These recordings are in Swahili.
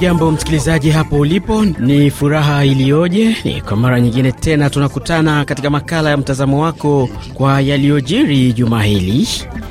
Hujambo msikilizaji hapo ulipo, ni furaha iliyoje! Ni kwa mara nyingine tena tunakutana katika makala ya mtazamo wako kwa yaliyojiri juma hili,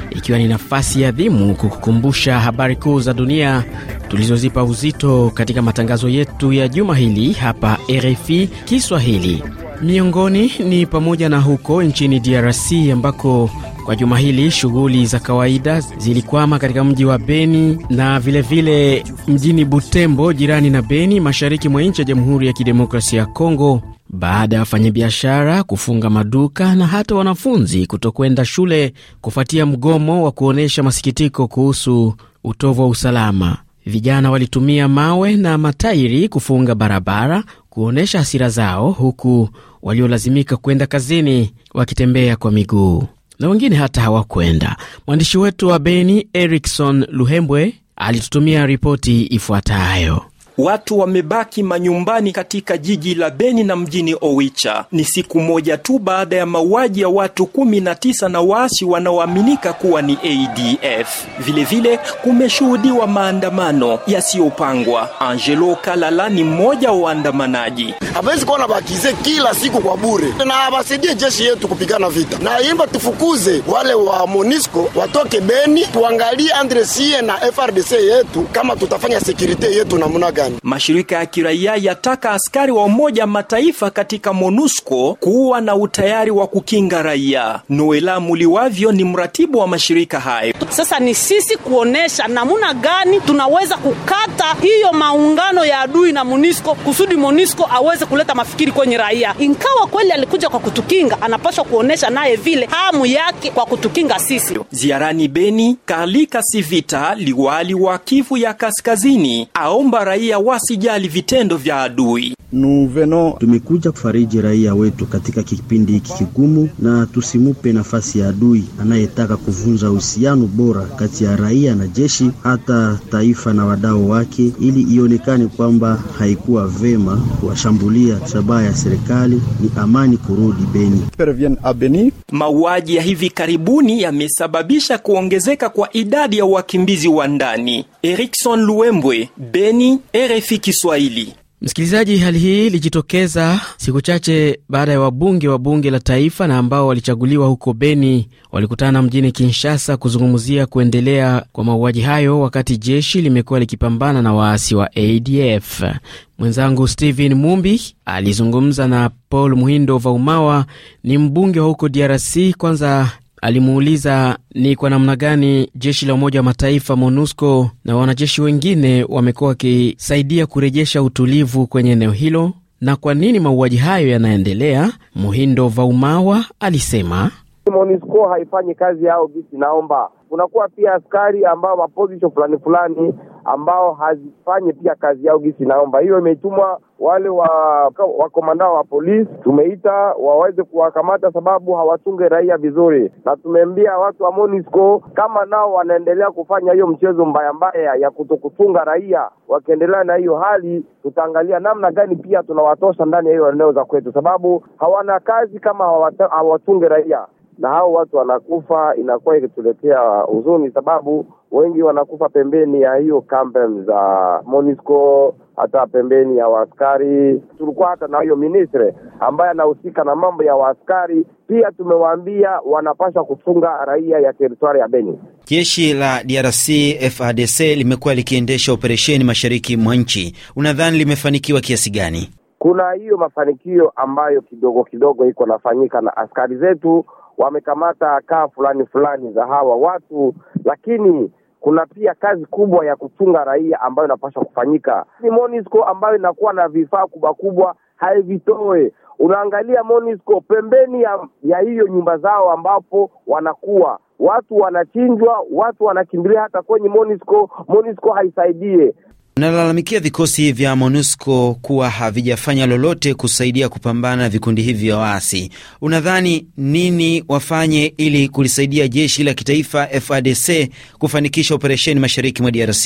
ikiwa ni nafasi adhimu kukukumbusha habari kuu za dunia tulizozipa uzito katika matangazo yetu ya juma hili hapa RFI Kiswahili. Miongoni ni pamoja na huko nchini DRC ambako kwa juma hili shughuli za kawaida zilikwama katika mji wa Beni na vilevile vile mjini Butembo jirani na Beni, mashariki mwa nchi ya Jamhuri ya Kidemokrasia ya Kongo baada ya wafanyabiashara kufunga maduka na hata wanafunzi kutokwenda shule kufuatia mgomo wa kuonyesha masikitiko kuhusu utovu wa usalama. Vijana walitumia mawe na matairi kufunga barabara kuonyesha hasira zao, huku waliolazimika kwenda kazini wakitembea kwa miguu na wengine hata hawakwenda. Mwandishi wetu wa Beni Erikson Luhembwe alitutumia ripoti ifuatayo watu wamebaki manyumbani katika jiji la Beni na mjini Owicha. Ni siku moja tu baada ya mauaji ya watu kumi na tisa na waasi wanaoaminika kuwa ni ADF. Vilevile kumeshuhudiwa maandamano yasiyopangwa. Angelo Kalala ni mmoja wa waandamanaji. Hawezi kuwa nabakize kila siku kwa bure, na basaidie jeshi yetu kupigana vita, na imba tufukuze wale wa Monisco watoke Beni, tuangalie Andresie na FRDC yetu kama tutafanya sekurite yetu namna gani amani. Mashirika ya kiraia yataka askari wa Umoja Mataifa katika MONUSCO kuwa na utayari wa kukinga raia. Noela Muliwavyo ni mratibu wa mashirika hayo. Sasa ni sisi kuonesha namuna gani tunaweza kukata hiyo maungano ya adui na MONUSCO kusudi MONUSCO aweze kuleta mafikiri kwenye raia. Ingawa kweli alikuja kwa kutukinga, anapaswa kuonesha naye vile hamu yake kwa kutukinga sisi. Ziarani Beni, Kalika Sivita, liwali wa Kivu ya Kaskazini aomba raia wasijali vitendo vya adui. Nuveno, tumekuja kufariji raia wetu katika kipindi hiki kigumu, na tusimupe nafasi ya adui anayetaka kuvunja uhusiano bora kati ya raia na jeshi, hata taifa na wadau wake, ili ionekane kwamba haikuwa vema kuwashambulia. Shabaha ya serikali ni amani kurudi Beni. Mauaji ya hivi karibuni yamesababisha kuongezeka kwa idadi ya wakimbizi wa ndani. Erikson Luembwe, Beni, RFI Kiswahili. Msikilizaji, hali hii ilijitokeza siku chache baada ya wabunge wa bunge la taifa na ambao walichaguliwa huko Beni walikutana mjini Kinshasa kuzungumzia kuendelea kwa mauaji hayo, wakati jeshi limekuwa likipambana na waasi wa ADF. Mwenzangu Steven Mumbi alizungumza na Paul Muhindo Vaumawa, ni mbunge wa huko DRC. Kwanza alimuuliza ni kwa namna gani jeshi la Umoja wa Mataifa MONUSCO na wanajeshi wengine wamekuwa wakisaidia kurejesha utulivu kwenye eneo hilo na kwa nini mauaji hayo yanaendelea. Muhindo Vaumawa alisema MONUSCO haifanyi kazi yao jinsi naomba, kunakuwa pia askari ambao maposition fulani fulani ambao hazifanye pia kazi yao gisi naomba. Hiyo imetumwa wale wa wakomanda wa polisi, tumeita waweze kuwakamata sababu hawatunge raia vizuri, na tumeambia watu wa Monisco kama nao wanaendelea kufanya hiyo mchezo mbaya mbaya ya kutokutunga raia, wakiendelea na hiyo hali, tutaangalia namna gani pia tunawatosha ndani ya hiyo eneo za kwetu, sababu hawana kazi kama hawatunge raia, na hao watu wanakufa, inakuwa ikituletea huzuni sababu wengi wanakufa pembeni ya hiyo kambi za Monisco, hata pembeni ya waaskari. Tulikuwa hata na hiyo ministre ambaye anahusika na mambo ya waaskari pia tumewaambia wanapasha kufunga raia ya teritwari ya Beni. Jeshi la DRC FARDC limekuwa likiendesha operesheni mashariki mwa nchi, unadhani limefanikiwa kiasi gani? Kuna hiyo mafanikio ambayo kidogo kidogo iko nafanyika, na askari zetu wamekamata kaa fulani fulani za hawa watu, lakini kuna pia kazi kubwa ya kuchunga raia ambayo inapaswa kufanyika. Ni MONUSCO ambayo inakuwa na vifaa kubwa kubwa haivitoe. Unaangalia MONUSCO pembeni ya, ya hiyo nyumba zao ambapo wanakuwa watu wanachinjwa, watu wanakimbilia hata kwenye MONUSCO. MONUSCO haisaidie Nalalamikia vikosi vya MONUSCO kuwa havijafanya lolote kusaidia kupambana vikundi hivi vya waasi. Unadhani nini wafanye ili kulisaidia jeshi la kitaifa FARDC kufanikisha operesheni mashariki mwa DRC?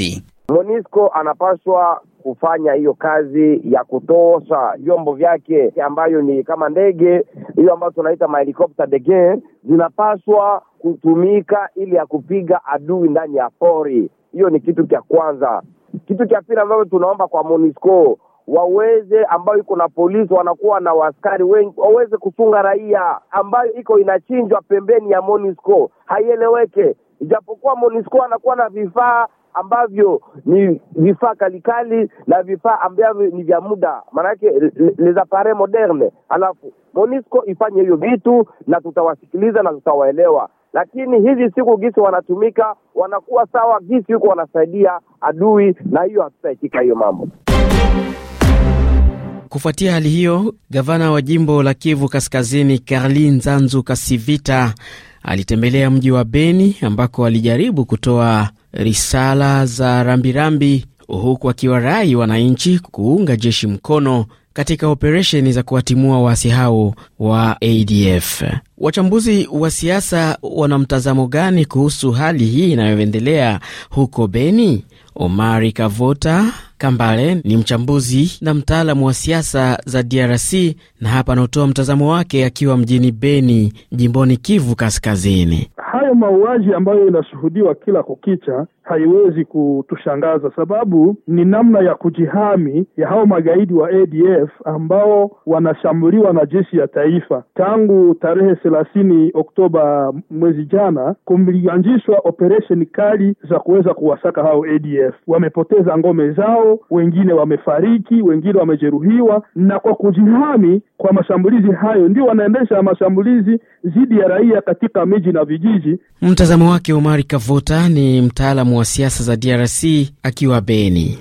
MONUSCO anapaswa kufanya hiyo kazi ya kutosha vyombo vyake ambayo ni kama ndege hiyo ambayo tunaita mahelikopta dege zinapaswa kutumika ili ya kupiga adui ndani ya pori. Hiyo ni kitu cha kwanza. Kitu cha pili ambavyo tunaomba kwa MONUSCO waweze ambayo iko na polisi wanakuwa na waskari wengi waweze kufunga raia ambayo iko inachinjwa pembeni ya MONUSCO. Haieleweke, ijapokuwa MONUSCO anakuwa na vifaa ambavyo ni vifaa kalikali na vifaa ambavyo ni vya muda, maanake les appareils moderne. Alafu MONUSCO ifanye hiyo vitu, na tutawasikiliza na tutawaelewa lakini hizi siku gisi wanatumika wanakuwa sawa gisi huko wanasaidia adui, na hiyo hatutaitika hiyo mambo. Kufuatia hali hiyo, gavana wa jimbo la Kivu Kaskazini Karli Nzanzu Kasivita alitembelea mji wa Beni ambako alijaribu kutoa risala za rambirambi huku akiwa rai wananchi kuunga jeshi mkono katika operesheni za kuwatimua waasi hao wa ADF. Wachambuzi wa siasa wana mtazamo gani kuhusu hali hii inayoendelea huko Beni? Omari Kavota Kambale ni mchambuzi na mtaalamu wa siasa za DRC na hapa anaotoa mtazamo wake akiwa mjini Beni, jimboni Kivu Kaskazini. Hayo mauaji ambayo inashuhudiwa kila kukicha haiwezi kutushangaza, sababu ni namna ya kujihami ya hao magaidi wa ADF ambao wanashambuliwa na jeshi ya taifa tangu tarehe thelathini Oktoba mwezi jana. Kumeanzishwa operesheni kali za kuweza kuwasaka hao ADF. Wamepoteza ngome zao, wengine wamefariki, wengine wamejeruhiwa, na kwa kujihami kwa mashambulizi hayo ndio wanaendesha mashambulizi dhidi ya raia katika miji na vijiji. Mtazamo wake Omari Kavota ni mtaalamu wa siasa za DRC akiwa Beni.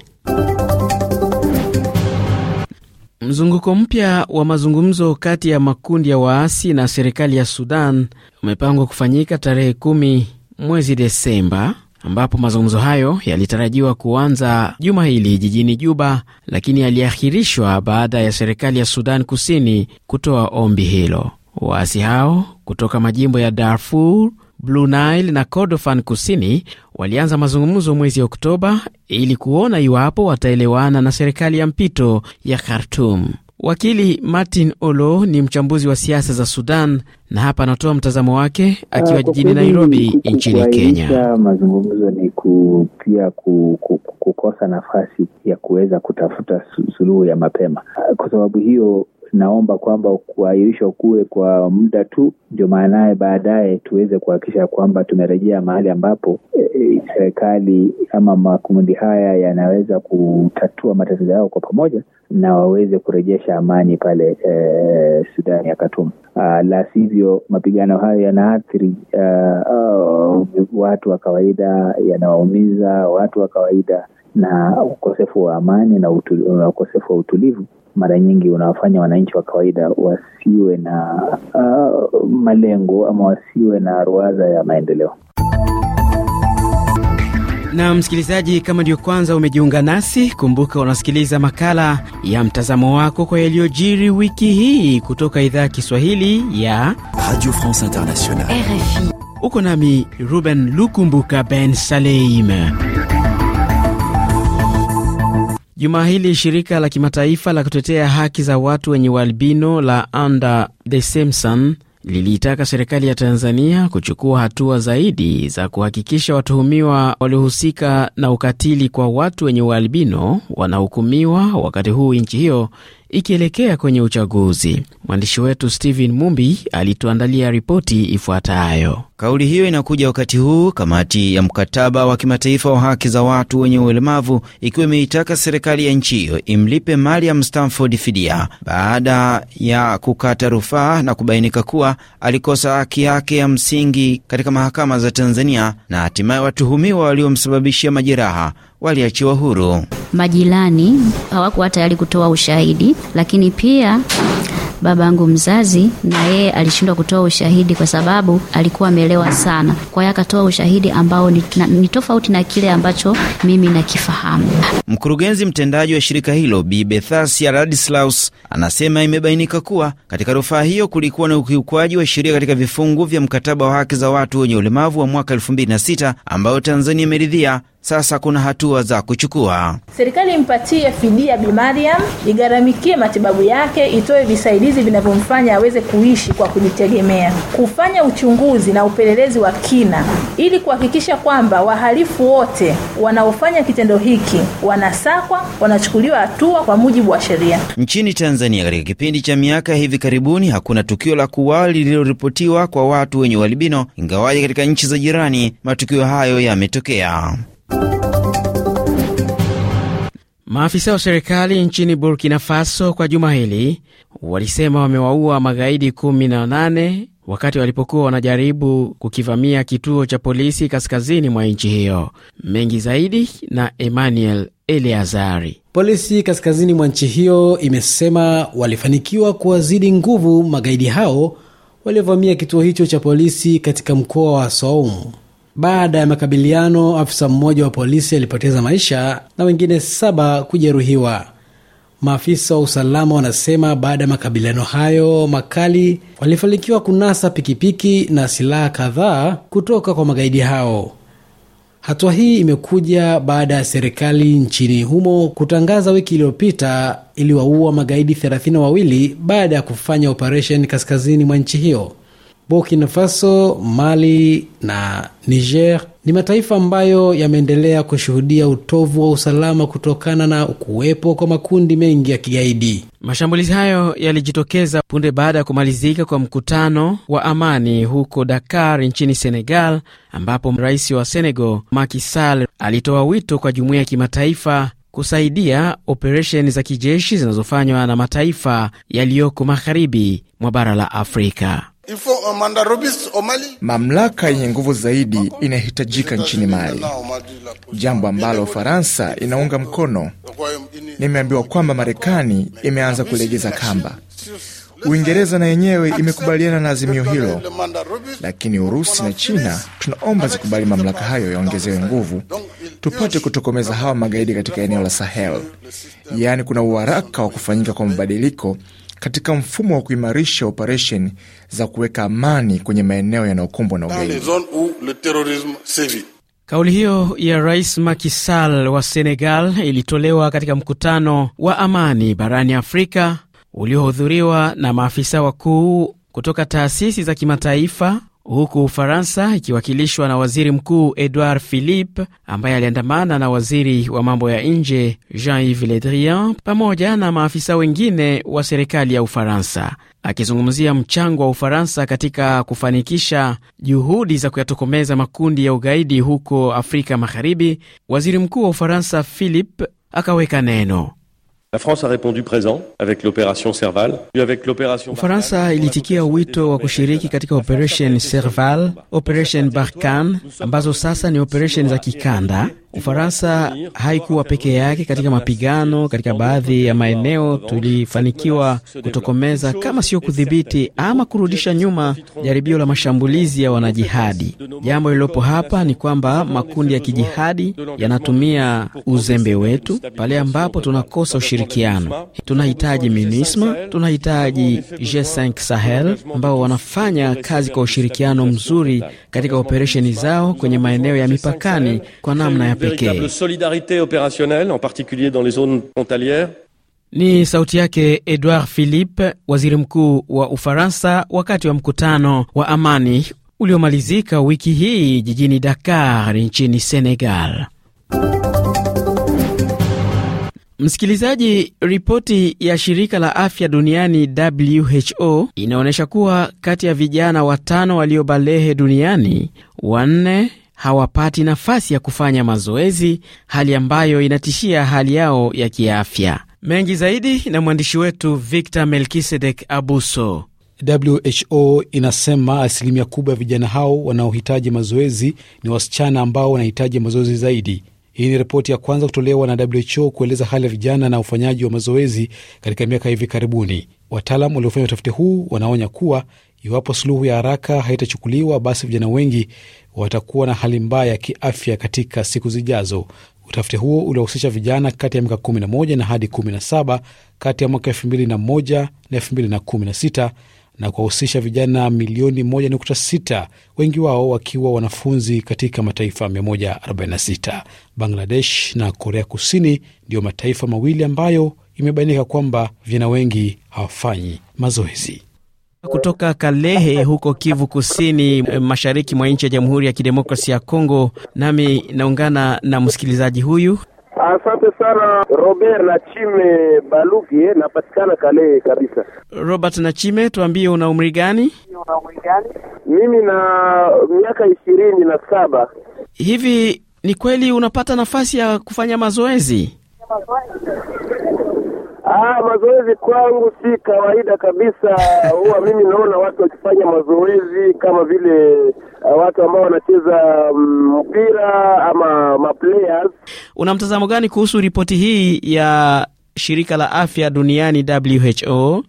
Mzunguko mpya wa mazungumzo kati ya makundi ya waasi na serikali ya Sudan umepangwa kufanyika tarehe kumi mwezi Desemba ambapo mazungumzo hayo yalitarajiwa kuanza juma hili jijini Juba, lakini yaliahirishwa baada ya serikali ya Sudan Kusini kutoa ombi hilo. Waasi hao kutoka majimbo ya Darfur, Blue Nile na Kordofan Kusini walianza mazungumzo mwezi Oktoba ili kuona iwapo wataelewana na serikali ya mpito ya Khartum. Wakili Martin Olo ni mchambuzi wa siasa za Sudan na hapa anatoa mtazamo wake akiwa ah, jijini Nairobi nchini Kenya. Mazungumzo ni ku, pia ku, ku, kukosa nafasi ya kuweza kutafuta suluhu ya mapema. Ah, kwa sababu hiyo tunaomba kwamba kuahirishwa kuwe kwa muda tu, ndio maanaye baadaye tuweze kuhakikisha kwamba tumerejea mahali ambapo e, serikali ama makundi haya yanaweza kutatua matatizo yao kwa pamoja na waweze kurejesha amani pale e, Sudani ya Khartoum. Ah, la sivyo mapigano hayo yanaathiri ah, ah, watu wa kawaida, yanawaumiza watu wa kawaida na ukosefu wa amani na uh, ukosefu wa utulivu mara nyingi unawafanya wananchi wa kawaida wasiwe na uh, malengo ama wasiwe na ruwaza ya maendeleo. Na msikilizaji, kama ndiyo kwanza umejiunga nasi, kumbuka unasikiliza makala ya mtazamo wako kwa yaliyojiri wiki hii kutoka idhaa ya Kiswahili ya Radio France Internationale. Uko nami Ruben Lukumbuka Ben Saleim. Jumaa hili shirika la kimataifa la kutetea haki za watu wenye ualbino la Under the Same Sun liliitaka serikali ya Tanzania kuchukua hatua zaidi za kuhakikisha watuhumiwa waliohusika na ukatili kwa watu wenye ualbino wanahukumiwa, wakati huu nchi hiyo ikielekea kwenye uchaguzi. Mwandishi wetu Steven Mumbi alituandalia ripoti ifuatayo. Kauli hiyo inakuja wakati huu kamati ya mkataba wa kimataifa wa haki za watu wenye ulemavu ikiwa imeitaka serikali ya nchi hiyo imlipe Mariam Stamford fidia baada ya kukata rufaa na kubainika kuwa alikosa haki yake ya msingi katika mahakama za Tanzania na hatimaye watuhumiwa waliomsababishia majeraha waliachiwa huru. Majirani hawakuwa tayari kutoa ushahidi, lakini pia babangu mzazi na yeye alishindwa kutoa ushahidi kwa sababu alikuwa amelewa sana. Kwa hiyo akatoa ushahidi ambao ni, na, ni tofauti na kile ambacho mimi nakifahamu. Mkurugenzi mtendaji wa shirika hilo Bi Bethasia Radislaus anasema imebainika kuwa katika rufaa hiyo kulikuwa na ukiukwaji wa sheria katika vifungu vya mkataba wa haki za watu wenye ulemavu wa mwaka 2006 ambayo Tanzania imeridhia sasa kuna hatua za kuchukua. Serikali impatie fidia Bi Mariam, igharamikie matibabu yake, itoe visaidizi vinavyomfanya aweze kuishi kwa kujitegemea, kufanya uchunguzi na upelelezi wa kina ili kuhakikisha kwamba wahalifu wote wanaofanya kitendo hiki wanasakwa, wanachukuliwa hatua kwa mujibu wa sheria. Nchini Tanzania, katika kipindi cha miaka hivi karibuni, hakuna tukio la kuuawa lililoripotiwa kwa watu wenye ualbino, ingawaje katika nchi za jirani matukio hayo yametokea. Maafisa wa serikali nchini Burkina Faso kwa juma hili walisema wamewaua magaidi 18 wakati walipokuwa wanajaribu kukivamia kituo cha polisi kaskazini mwa nchi hiyo. Mengi zaidi na Emmanuel Eleazari. Polisi kaskazini mwa nchi hiyo imesema walifanikiwa kuwazidi nguvu magaidi hao waliovamia kituo hicho cha polisi katika mkoa wa Soum. Baada ya makabiliano, afisa mmoja wa polisi alipoteza maisha na wengine saba kujeruhiwa. Maafisa wa usalama wanasema baada ya makabiliano hayo makali walifanikiwa kunasa pikipiki na silaha kadhaa kutoka kwa magaidi hao. Hatua hii imekuja baada ya serikali nchini humo kutangaza wiki iliyopita iliwaua magaidi 32 baada ya kufanya operesheni kaskazini mwa nchi hiyo. Burkina Faso, Mali na Niger ni mataifa ambayo yameendelea kushuhudia utovu wa usalama kutokana na kuwepo kwa makundi mengi ya kigaidi. Mashambulizi hayo yalijitokeza punde baada ya kumalizika kwa mkutano wa amani huko Dakar nchini Senegal, ambapo rais wa Senegal Macky Sall alitoa wito kwa jumuiya ya kimataifa kusaidia operesheni za kijeshi zinazofanywa na mataifa yaliyoko magharibi mwa bara la Afrika. Euh, mamlaka yenye nguvu zaidi inahitajika nchini Mali, jambo ambalo Ufaransa inaunga mkono. Nimeambiwa kwamba Marekani imeanza kulegeza kamba. Uingereza na yenyewe imekubaliana na azimio hilo, lakini Urusi na China tunaomba zikubali mamlaka hayo yaongezewe nguvu, tupate kutokomeza hawa magaidi katika eneo la Sahel. Yaani kuna uharaka wa kufanyika kwa mabadiliko katika mfumo wa kuimarisha operesheni za kuweka amani kwenye maeneo yanayokumbwa na ugaidi. Kauli hiyo ya Rais Macky Sall wa Senegal ilitolewa katika mkutano wa amani barani Afrika uliohudhuriwa na maafisa wakuu kutoka taasisi za kimataifa, huku Ufaransa ikiwakilishwa na waziri mkuu Edouard Philippe ambaye aliandamana na waziri wa mambo ya nje Jean-Yves Le Drian pamoja na maafisa wengine wa serikali ya Ufaransa. Akizungumzia mchango wa Ufaransa katika kufanikisha juhudi za kuyatokomeza makundi ya ugaidi huko Afrika Magharibi, waziri mkuu wa Ufaransa Philippe akaweka neno la France a répondu présent avec l'opération Serval, avec l'opération Ufaransa ilitikia wito wa kushiriki katika operation Serval, operation Barkan ambazo sasa ni operation za kikanda Ufaransa haikuwa peke yake katika mapigano. Katika baadhi ya maeneo tulifanikiwa kutokomeza kama sio kudhibiti ama kurudisha nyuma jaribio la mashambulizi ya wanajihadi. Jambo lililopo hapa ni kwamba makundi ya kijihadi yanatumia uzembe wetu pale ambapo tunakosa ushirikiano. Tunahitaji MINUSMA, tunahitaji G5 Sahel ambao wanafanya kazi kwa ushirikiano mzuri katika operesheni zao kwenye maeneo ya mipakani kwa namna ya pekee. Ni sauti yake Edouard Philippe, waziri mkuu wa Ufaransa, wakati wa mkutano wa amani uliomalizika wiki hii jijini Dakar nchini Senegal. Msikilizaji, ripoti ya shirika la afya duniani WHO inaonyesha kuwa kati ya vijana watano waliobalehe duniani, wanne hawapati nafasi ya kufanya mazoezi, hali ambayo inatishia hali yao ya kiafya. Mengi zaidi na mwandishi wetu Victor Melkisedek Abuso. WHO inasema asilimia kubwa ya vijana hao wanaohitaji mazoezi ni wasichana ambao wanahitaji mazoezi zaidi. Hii ni ripoti ya kwanza kutolewa na WHO kueleza hali ya vijana na ufanyaji wa mazoezi katika miaka hivi karibuni. Wataalam waliofanya utafiti huu wanaonya kuwa Iwapo suluhu ya haraka haitachukuliwa, basi vijana wengi watakuwa na hali mbaya ya kiafya katika siku zijazo. Utafiti huo uliwahusisha vijana kati ya miaka 11 na hadi 17 kati ya mwaka 2001 na 2016 na kuwahusisha vijana milioni 1.6, wengi wao wakiwa wanafunzi katika mataifa 146. Bangladesh na Korea Kusini ndiyo mataifa mawili ambayo imebainika kwamba vijana wengi hawafanyi mazoezi kutoka Kalehe huko Kivu Kusini, eh, mashariki mwa nchi ya Jamhuri ya kidemokrasi ya Kongo. Nami naungana na msikilizaji huyu. Asante sana Robert Nachime Baluki, eh, napatikana Kalehe kabisa. Robert Nachime, tuambie una umri gani? Mimi na miaka ishirini na saba. Hivi ni kweli unapata nafasi ya kufanya mazoezi? Ah, mazoezi kwangu si kawaida kabisa. Huwa mimi naona watu wakifanya mazoezi kama vile ah, watu ambao wanacheza mm, mpira um, ama players. Una mtazamo gani kuhusu ripoti hii ya shirika la afya duniani WHO? Uh,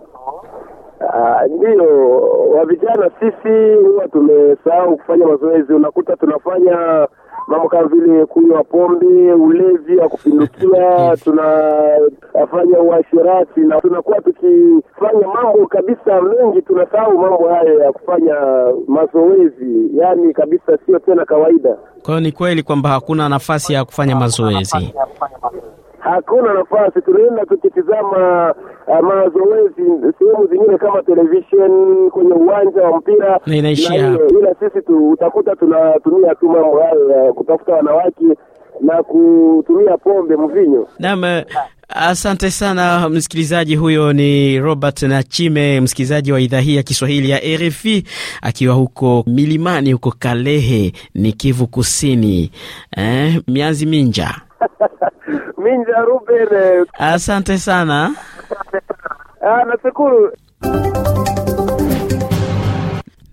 ah, ndiyo, wa vijana sisi huwa tumesahau kufanya mazoezi, unakuta tunafanya mambo kama vile kunywa pombe, ulevi wa kupindukia, tunafanya uasherati na tunakuwa tukifanya mambo kabisa mengi, tunasahau mambo haya ya kufanya mazoezi, yaani kabisa sio tena kawaida. Kwa hiyo ni kweli kwamba hakuna nafasi ya kufanya mazoezi hakuna nafasi. Tunaenda tukitizama uh, mazoezi sehemu zingine kama television kwenye uwanja wa mpira na inaishia hapo, ila sisi tu, utakuta tunatumia tu mambo hayo ya kutafuta wanawake na kutumia pombe mvinyo. Naam, eh, asante sana msikilizaji. Huyo ni Robert Nachime, msikilizaji wa idhaa hii ya Kiswahili ya RFI akiwa huko milimani huko Kalehe ni Kivu Kusini, eh, mianzi minja Minja Ruben. Asante sana. Ah, nashukuru.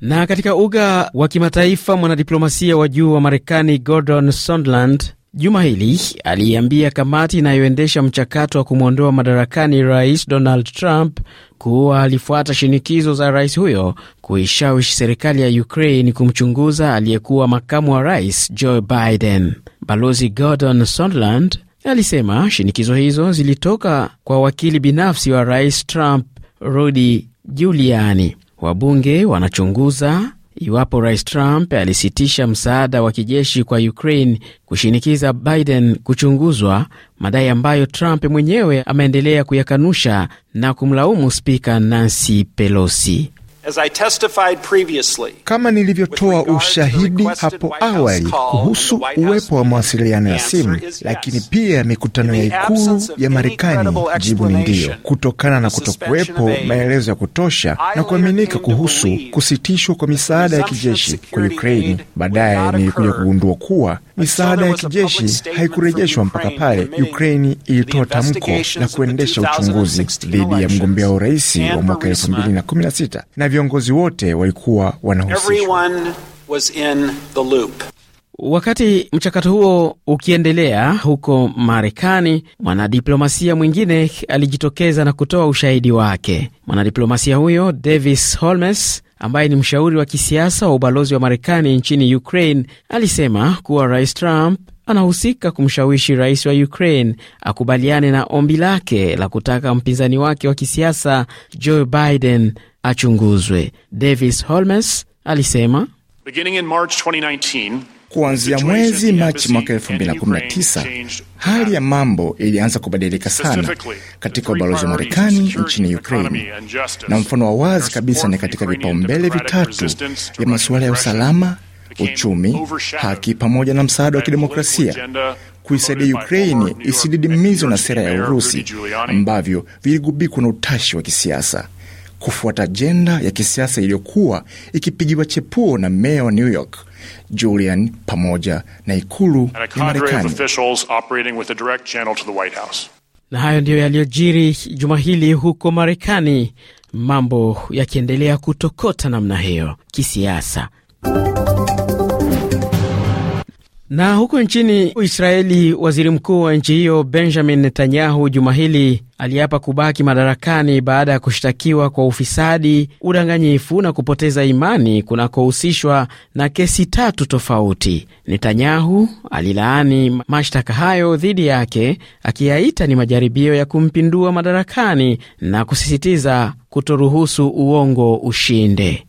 Na katika uga wa kimataifa, mwanadiplomasia wa juu wa Marekani Gordon Sondland juma hili aliiambia kamati inayoendesha mchakato wa kumwondoa madarakani rais Donald Trump kuwa alifuata shinikizo za rais huyo kuishawishi serikali ya Ukraine kumchunguza aliyekuwa makamu wa rais Joe Biden. Balozi Gordon Sondland alisema shinikizo hizo zilitoka kwa wakili binafsi wa Rais Trump, Rudy Giuliani. Wabunge wanachunguza iwapo Rais Trump alisitisha msaada wa kijeshi kwa Ukraine kushinikiza Biden kuchunguzwa, madai ambayo Trump mwenyewe ameendelea kuyakanusha na kumlaumu spika Nancy Pelosi. Kama nilivyotoa ushahidi hapo awali kuhusu uwepo wa mawasiliano ya simu, lakini pia mikutano ya ikulu ya Marekani, jibu ni ndiyo, kutokana na kutokuwepo maelezo ya kutosha na kuaminika kuhusu kusitishwa kwa misaada ya kijeshi kwa Ukraini. Baadaye nilikuja kugundua kuwa misaada ya kijeshi haikurejeshwa mpaka pale Ukraini ilitoa tamko la kuendesha uchunguzi dhidi ya mgombea wa urais wa mwaka 216 na viongozi wote walikuwa wanahusishwa. Wakati mchakato huo ukiendelea huko Marekani, mwanadiplomasia mwingine alijitokeza na kutoa ushahidi wake. Mwanadiplomasia huyo Davis Holmes ambaye ni mshauri wa kisiasa wa ubalozi wa Marekani nchini Ukraine alisema kuwa Rais Trump anahusika kumshawishi rais wa Ukraine akubaliane na ombi lake la kutaka mpinzani wake wa kisiasa Joe Biden achunguzwe. Davis Holmes alisema Kuanzia mwezi Machi mwaka 2019 hali ya mambo ilianza kubadilika sana katika ubalozi wa Marekani nchini Ukraine, na mfano wa wazi kabisa ni katika vipaumbele vitatu vya masuala ya usalama, uchumi, haki pamoja na msaada wa kidemokrasia kuisaidia Ukraini isididimizwe na sera ya Urusi ambavyo viligubikwa na utashi wa kisiasa kufuata ajenda ya kisiasa iliyokuwa ikipigiwa chepuo na meya wa New York Julian pamoja na ikulu ya Marekani. Na hayo ndiyo yaliyojiri juma hili huko Marekani, mambo yakiendelea kutokota namna hiyo kisiasa. Na huko nchini Israeli, waziri mkuu wa nchi hiyo Benjamin Netanyahu juma hili aliapa kubaki madarakani baada ya kushtakiwa kwa ufisadi, udanganyifu na kupoteza imani kunakohusishwa na kesi tatu tofauti. Netanyahu alilaani mashtaka hayo dhidi yake, akiyaita ni majaribio ya kumpindua madarakani na kusisitiza kutoruhusu uongo ushinde.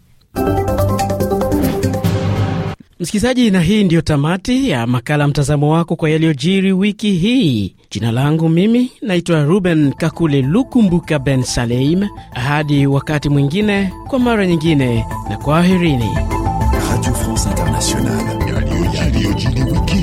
Msikilizaji, na hii ndiyo tamati ya makala mtazamo wako kwa yaliyojiri wiki hii. Jina langu mimi naitwa Ruben Kakule Lukumbuka Ben Saleim. Hadi wakati mwingine, kwa mara nyingine, na kwaherini. Radio France Internationale.